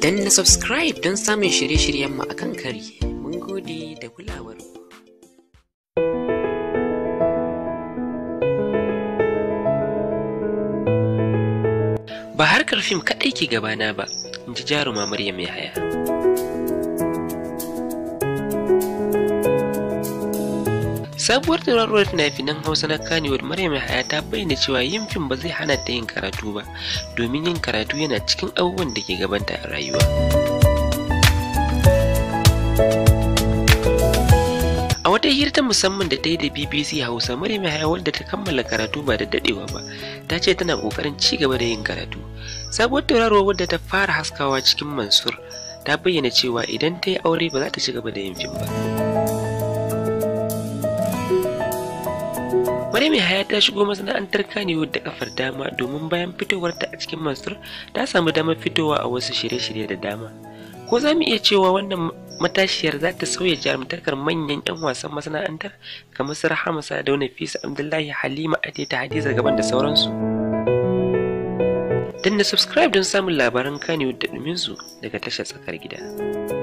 Dan na subscribe don samun shirye-shiryenmu a kan kari. Mun gode da kulawar Ba harkar fim kaɗai ke gabana ba, in ji jaruma Maryam Yahaya. sabuwar tauraruwar fina-finan hausa na kanewood maryam haya ta bayyana cewa yin fim ba zai hana ta yin karatu ba domin yin karatu yana cikin abubuwan da ke gabanta a rayuwa a wata hira ta musamman da ta yi da bbc hausa maryam haya wanda ta kammala karatu ba da dadewa ba ta ce tana kokarin ci gaba da yin karatu sabuwar tauraruwar wadda ta fara haskawa cikin mansur ta bayyana cewa idan ta yi aure ba za ta ci gaba da yin fim ba Maryam Yahaya ta shigo masana'antar Kannywood da kafar dama domin bayan fitowarta a cikin Mansur ta samu damar fitowa a wasu shirye-shirye da dama. Ko za mu iya cewa wannan matashiyar za ta sauya jarumtakar manyan 'yan wasan masana'antar kamar su Rahama wani Nafisa Abdullahi Halima ta Hadiza gaban da sauransu. Danna subscribe don samun labaran Kannywood da ɗuminsu daga tashar tsakar gida.